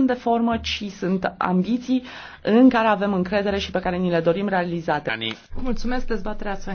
sunt de formă, ci sunt ambiții în care avem încredere și pe care ni le dorim realizate. Mulțumesc, dezbaterea să